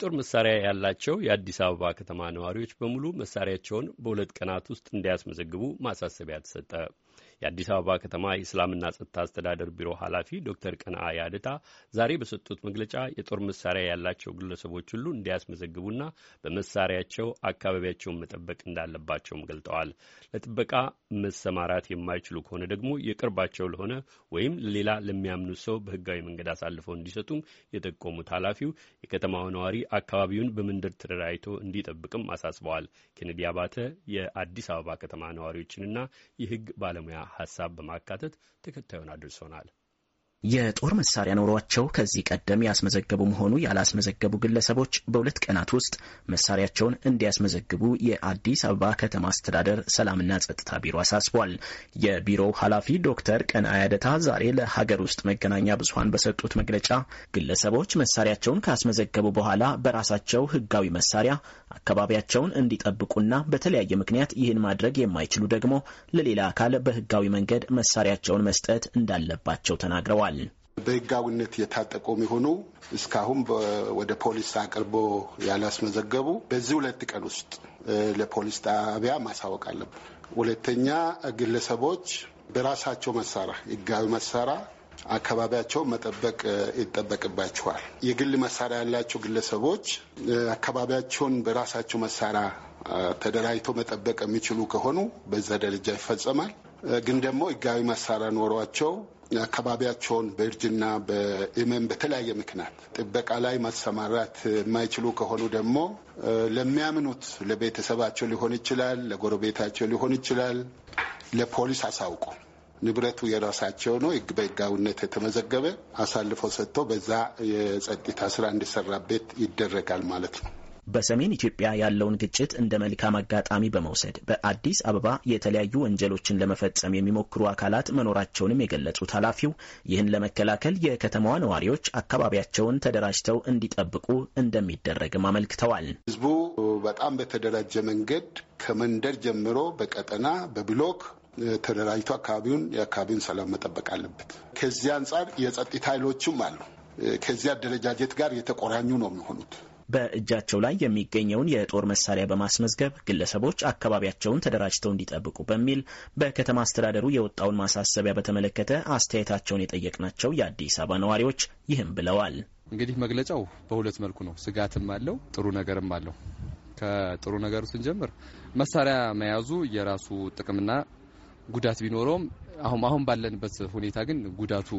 የጦር መሳሪያ ያላቸው የአዲስ አበባ ከተማ ነዋሪዎች በሙሉ መሳሪያቸውን በሁለት ቀናት ውስጥ እንዲያስመዘግቡ ማሳሰቢያ ተሰጠ። የአዲስ አበባ ከተማ የሰላምና ጸጥታ አስተዳደር ቢሮ ኃላፊ ዶክተር ቀንአ ያደታ ዛሬ በሰጡት መግለጫ የጦር መሳሪያ ያላቸው ግለሰቦች ሁሉ እንዲያስመዘግቡና በመሳሪያቸው አካባቢያቸውን መጠበቅ እንዳለባቸውም ገልጠዋል። ለጥበቃ መሰማራት የማይችሉ ከሆነ ደግሞ የቅርባቸው ለሆነ ወይም ሌላ ለሚያምኑ ሰው በህጋዊ መንገድ አሳልፈው እንዲሰጡም የጠቆሙት ኃላፊው የከተማው ነዋሪ አካባቢውን በመንደር ተደራጅቶ እንዲጠብቅም አሳስበዋል። ኬኔዲ አባተ የአዲስ አበባ ከተማ ነዋሪዎችንና የህግ ባለሙያ ሀሳብ በማካተት ተከታዩን አድርሶናል። የጦር መሳሪያ ኖሯቸው ከዚህ ቀደም ያስመዘገቡ መሆኑ ያላስመዘገቡ ግለሰቦች በሁለት ቀናት ውስጥ መሳሪያቸውን እንዲያስመዘግቡ የአዲስ አበባ ከተማ አስተዳደር ሰላምና ጸጥታ ቢሮ አሳስቧል። የቢሮው ኃላፊ ዶክተር ቀንአያ ደታ ዛሬ ለሀገር ውስጥ መገናኛ ብዙኃን በሰጡት መግለጫ ግለሰቦች መሳሪያቸውን ካስመዘገቡ በኋላ በራሳቸው ሕጋዊ መሳሪያ አካባቢያቸውን እንዲጠብቁና በተለያየ ምክንያት ይህን ማድረግ የማይችሉ ደግሞ ለሌላ አካል በሕጋዊ መንገድ መሳሪያቸውን መስጠት እንዳለባቸው ተናግረዋል። ገልጸዋል። በህጋዊነት የታጠቁ የሚሆኑ እስካሁን ወደ ፖሊስ አቅርቦ ያላስመዘገቡ በዚህ ሁለት ቀን ውስጥ ለፖሊስ ጣቢያ ማሳወቅ አለብ። ሁለተኛ ግለሰቦች በራሳቸው መሳሪያ ህጋዊ መሳሪያ አካባቢያቸውን መጠበቅ ይጠበቅባቸዋል። የግል መሳሪያ ያላቸው ግለሰቦች አካባቢያቸውን በራሳቸው መሳሪያ ተደራጅተው መጠበቅ የሚችሉ ከሆኑ በዛ ደረጃ ይፈጸማል። ግን ደግሞ ህጋዊ መሳሪያ ኖሯቸው አካባቢያቸውን በእርጅና በህመም በተለያየ ምክንያት ጥበቃ ላይ ማሰማራት የማይችሉ ከሆኑ ደግሞ ለሚያምኑት ለቤተሰባቸው ሊሆን ይችላል፣ ለጎረቤታቸው ሊሆን ይችላል፣ ለፖሊስ አሳውቁ። ንብረቱ የራሳቸው ነው፣ ህግ በህጋዊነት የተመዘገበ አሳልፎ ሰጥቶ በዛ የጸጥታ ስራ እንዲሰራበት ይደረጋል ማለት ነው። በሰሜን ኢትዮጵያ ያለውን ግጭት እንደ መልካም አጋጣሚ በመውሰድ በአዲስ አበባ የተለያዩ ወንጀሎችን ለመፈጸም የሚሞክሩ አካላት መኖራቸውንም የገለጹት ኃላፊው ይህን ለመከላከል የከተማዋ ነዋሪዎች አካባቢያቸውን ተደራጅተው እንዲጠብቁ እንደሚደረግም አመልክተዋል። ህዝቡ በጣም በተደራጀ መንገድ ከመንደር ጀምሮ በቀጠና በብሎክ ተደራጅቶ አካባቢውን የአካባቢውን ሰላም መጠበቅ አለበት። ከዚህ አንጻር የጸጥታ ኃይሎችም አሉ። ከዚህ አደረጃጀት ጋር የተቆራኙ ነው የሚሆኑት በእጃቸው ላይ የሚገኘውን የጦር መሳሪያ በማስመዝገብ ግለሰቦች አካባቢያቸውን ተደራጅተው እንዲጠብቁ በሚል በከተማ አስተዳደሩ የወጣውን ማሳሰቢያ በተመለከተ አስተያየታቸውን የጠየቅናቸው የአዲስ አበባ ነዋሪዎች ይህም ብለዋል። እንግዲህ መግለጫው በሁለት መልኩ ነው። ስጋትም አለው፣ ጥሩ ነገርም አለው። ከጥሩ ነገሩ ስንጀምር መሳሪያ መያዙ የራሱ ጥቅምና ጉዳት ቢኖረውም አሁን አሁን ባለንበት ሁኔታ ግን ጉዳቱ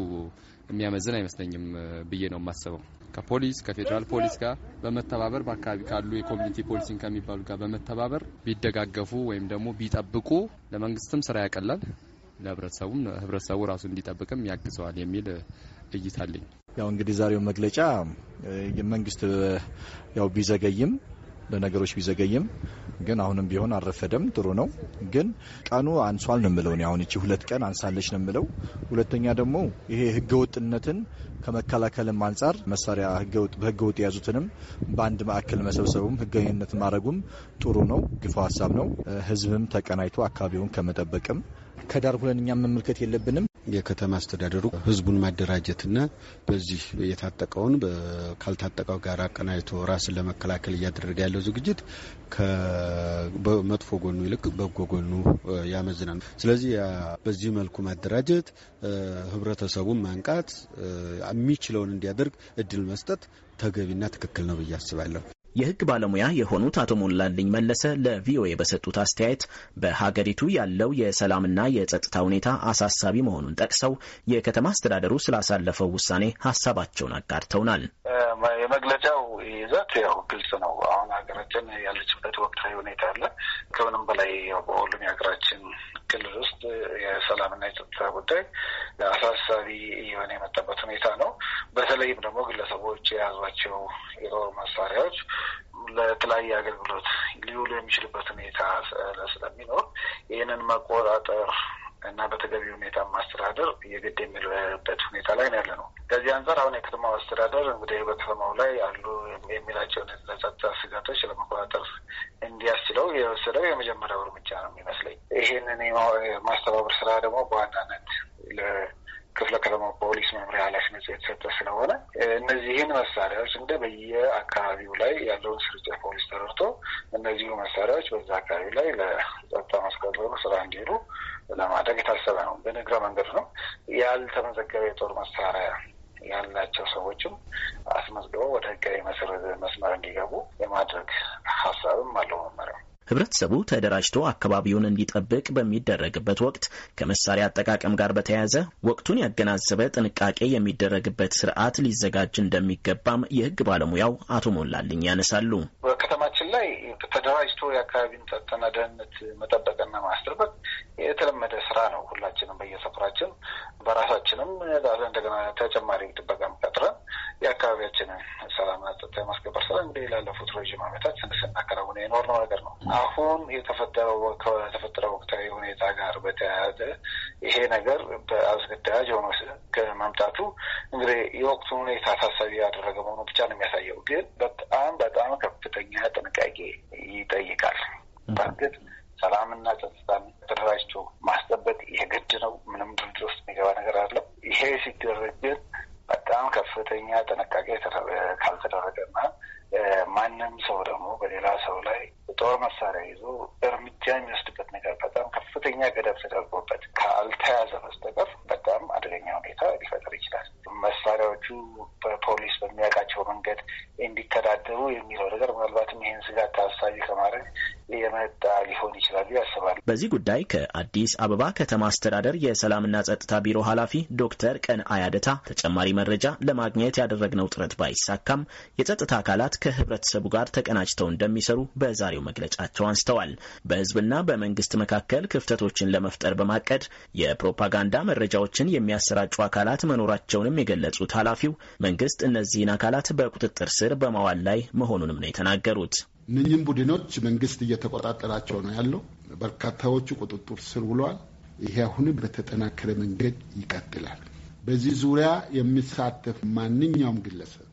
የሚያመዝን አይመስለኝም ብዬ ነው የማስበው። ከፖሊስ ከፌዴራል ፖሊስ ጋር በመተባበር በአካባቢ ካሉ የኮሚኒቲ ፖሊሲንግ ከሚባሉ ጋር በመተባበር ቢደጋገፉ ወይም ደግሞ ቢጠብቁ ለመንግስትም ስራ ያቀላል፣ ለህብረተሰቡም ህብረተሰቡ ራሱ እንዲጠብቅም ያግዘዋል የሚል እይታለኝ። ያው እንግዲህ ዛሬው መግለጫ መንግስት ያው ቢዘገይም ለነገሮች ቢዘገይም ግን አሁንም ቢሆን አልረፈደም። ጥሩ ነው። ግን ቀኑ አንሷል ነው የምለው እኔ አሁን እቺ ሁለት ቀን አንሳለች ነው የምለው። ሁለተኛ ደግሞ ይሄ ህገወጥነትን ከመከላከልም አንጻር መሳሪያ በህገወጥ የያዙትንም በአንድ ማዕከል መሰብሰቡም ህጋዊነት ማድረጉም ጥሩ ነው፣ ግፎ ሀሳብ ነው። ህዝብም ተቀናይቶ አካባቢውን ከመጠበቅም ከዳር ሁለን እኛ መመልከት የለብንም። የከተማ አስተዳደሩ ህዝቡን ማደራጀትና በዚህ የታጠቀውን ካልታጠቀው ጋር አቀናጅቶ ራስን ለመከላከል እያደረገ ያለው ዝግጅት ከመጥፎ ጎኑ ይልቅ በጎ ጎኑ ያመዝናል። ስለዚህ በዚህ መልኩ ማደራጀት፣ ህብረተሰቡን ማንቃት፣ የሚችለውን እንዲያደርግ እድል መስጠት ተገቢና ትክክል ነው ብዬ አስባለሁ። የህግ ባለሙያ የሆኑት አቶ ሞላልኝ መለሰ ለቪኦኤ በሰጡት አስተያየት በሀገሪቱ ያለው የሰላምና የጸጥታ ሁኔታ አሳሳቢ መሆኑን ጠቅሰው የከተማ አስተዳደሩ ስላሳለፈው ውሳኔ ሀሳባቸውን አጋርተውናል። የመግለጫው ይዘት ያው ግልጽ ነው። አሁን ሀገራችን ያለችበት ወቅታዊ ሁኔታ አለ። ከምንም በላይ በሁሉም የሀገራችን ክልል ውስጥ የሰላምና የጸጥታ ጉዳይ አሳሳቢ የሆነ የመጣበት ሁኔታ ነው። በተለይም ደግሞ ግለሰቦች የያዟቸው የጦር መሳሪያዎች ለተለያየ አገልግሎት ሊውሉ የሚችልበት ሁኔታ ስለሚኖር ይህንን መቆጣጠር እና በተገቢ ሁኔታ ማስተዳደር የግድ የሚልበት ሁኔታ ላይ ያለ ነው። ከዚህ አንጻር አሁን የከተማው አስተዳደር እንግዲህ በከተማው ላይ አሉ የሚላቸውን ለጸጥታ ስጋቶች ለመቆጣጠር እንዲያስችለው የወሰደው የመጀመሪያው እርምጃ ነው የሚመስለኝ። ይህንን የማስተባበር ስራ ደግሞ በዋናነት ለክፍለ ከተማ ፖሊስ መምሪያ ኃላፊነት የተሰጠ ስለሆነ እነዚህን መሳሪያዎች እንደ በየአካባቢው ላይ ያለውን ስርጭት ፖሊስ ተረድቶ እነዚሁ መሳሪያዎች በዛ አካባቢ ላይ ለጸጥታ ማስከበሩ ስራ እንዲሄዱ ለማድረግ የታሰበ ነው። በንግረ መንገድ ነው። ያልተመዘገበ የጦር መሳሪያ ያላቸው ሰዎችም አስመዝግበው ወደ ህጋዊ መስመር እንዲገቡ የማድረግ ሀሳብም አለው መመሪያው። ህብረተሰቡ ተደራጅቶ አካባቢውን እንዲጠብቅ በሚደረግበት ወቅት ከመሳሪያ አጠቃቀም ጋር በተያያዘ ወቅቱን ያገናዘበ ጥንቃቄ የሚደረግበት ስርዓት ሊዘጋጅ እንደሚገባም የህግ ባለሙያው አቶ ሞላልኝ ያነሳሉ። በከተማችን ላይ ተደራጅቶ የአካባቢን ጸጥታና ደህንነት መጠበቅና ማስጠበቅ የተለመደ ስራ ነው። ሁላችንም በየሰፈራችን በራሳችንም እንደገና ተጨማሪ ጥበቃ የአካባቢያችንን ሰላምና ጸጥታ የማስከበር ስራ እንግዲህ ላለፉት ረዥም ዓመታት ስናከናውን የኖርነው ነገር ነው። አሁን የተፈጠረው ከተፈጠረው ወቅታዊ ሁኔታ ጋር በተያያዘ ይሄ ነገር በአስገዳጅ ሆኖ ከመምጣቱ እንግዲህ የወቅቱን ሁኔታ ታሳቢ ያደረገ መሆኑ ብቻ ነው የሚያሳየው። ግን በጣም በጣም ከፍተኛ ጥንቃቄ ይጠይቃል። በእርግጥ ሰላምና ጸጥታን ተደራጅቶ ማስጠበቅ የግድ ነው። ምንም ድርድር ውስጥ የሚገባ ነገር አለው። ይሄ ሲደረግ ካልያዘ በስተቀር በጣም አደገኛ ሁኔታ ሊፈጠር ይችላል። መሳሪያዎቹ በፖሊስ በሚያውቃቸው መንገድ እንዲተዳደሩ የሚለው ነገር ምናልባትም ይህን ስጋት ታሳቢ ከማድረግ የመጣ ሊሆን ይችላሉ ያስባል። በዚህ ጉዳይ ከአዲስ አበባ ከተማ አስተዳደር የሰላምና ጸጥታ ቢሮ ኃላፊ ዶክተር ቀን አያደታ ተጨማሪ መረጃ ለማግኘት ያደረግነው ጥረት ባይሳካም የጸጥታ አካላት ከህብረተሰቡ ጋር ተቀናጅተው እንደሚሰሩ በዛሬው መግለጫቸው አንስተዋል። በህዝብና በመንግስት መካከል ክፍተቶችን ለመፍጠር በማቀድ የፕሮፓጋንዳ መረጃዎችን የሚያሰራጩ አካላት መኖራቸውንም የገለጹት ኃላፊው መንግስት እነዚህን አካላት በቁጥጥር ስር በማዋል ላይ መሆኑንም ነው የተናገሩት። እነኝም ቡድኖች መንግስት እየተቆጣጠራቸው ነው ያለው። በርካታዎቹ ቁጥጥር ስር ውለዋል። ይሄ አሁንም በተጠናከረ መንገድ ይቀጥላል። በዚህ ዙሪያ የሚሳተፍ ማንኛውም ግለሰብ፣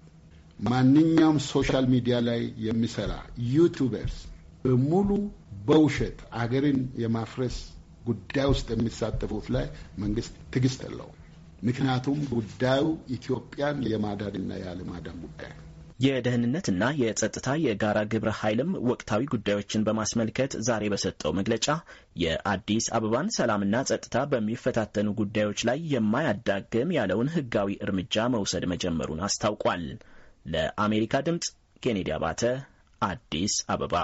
ማንኛውም ሶሻል ሚዲያ ላይ የሚሰራ ዩቱበርስ በሙሉ በውሸት አገርን የማፍረስ ጉዳይ ውስጥ የሚሳተፉት ላይ መንግስት ትዕግስት የለውም። ምክንያቱም ጉዳዩ ኢትዮጵያን የማዳንና ያለማዳን ጉዳይ የደህንነትና የጸጥታ የጋራ ግብረ ኃይልም ወቅታዊ ጉዳዮችን በማስመልከት ዛሬ በሰጠው መግለጫ የአዲስ አበባን ሰላምና ጸጥታ በሚፈታተኑ ጉዳዮች ላይ የማያዳግም ያለውን ሕጋዊ እርምጃ መውሰድ መጀመሩን አስታውቋል። ለአሜሪካ ድምፅ ኬኔዲ አባተ አዲስ አበባ